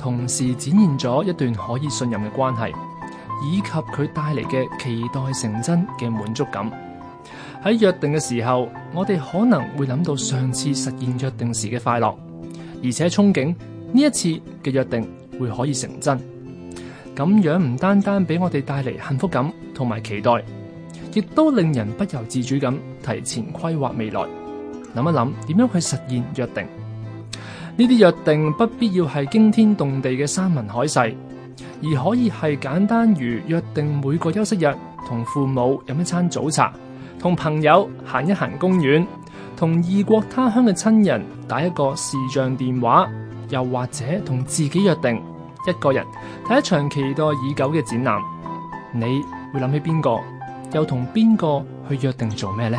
同時展現咗一段可以信任嘅關係，以及佢帶嚟嘅期待成真嘅滿足感。喺約定嘅時候，我哋可能會諗到上次實現約定時嘅快樂，而且憧憬呢一次嘅約定會可以成真。咁樣唔單單俾我哋帶嚟幸福感同埋期待，亦都令人不由自主咁提前規劃未來，諗一諗點樣去實現約定。呢啲約定不必要係驚天動地嘅山盟海誓，而可以係簡單如約定每個休息日同父母飲一餐早茶，同朋友行一行公園，同異國他鄉嘅親人打一個視像電話，又或者同自己約定一個人睇一場期待已久嘅展覽。你會諗起邊個？又同邊個去約定做咩呢？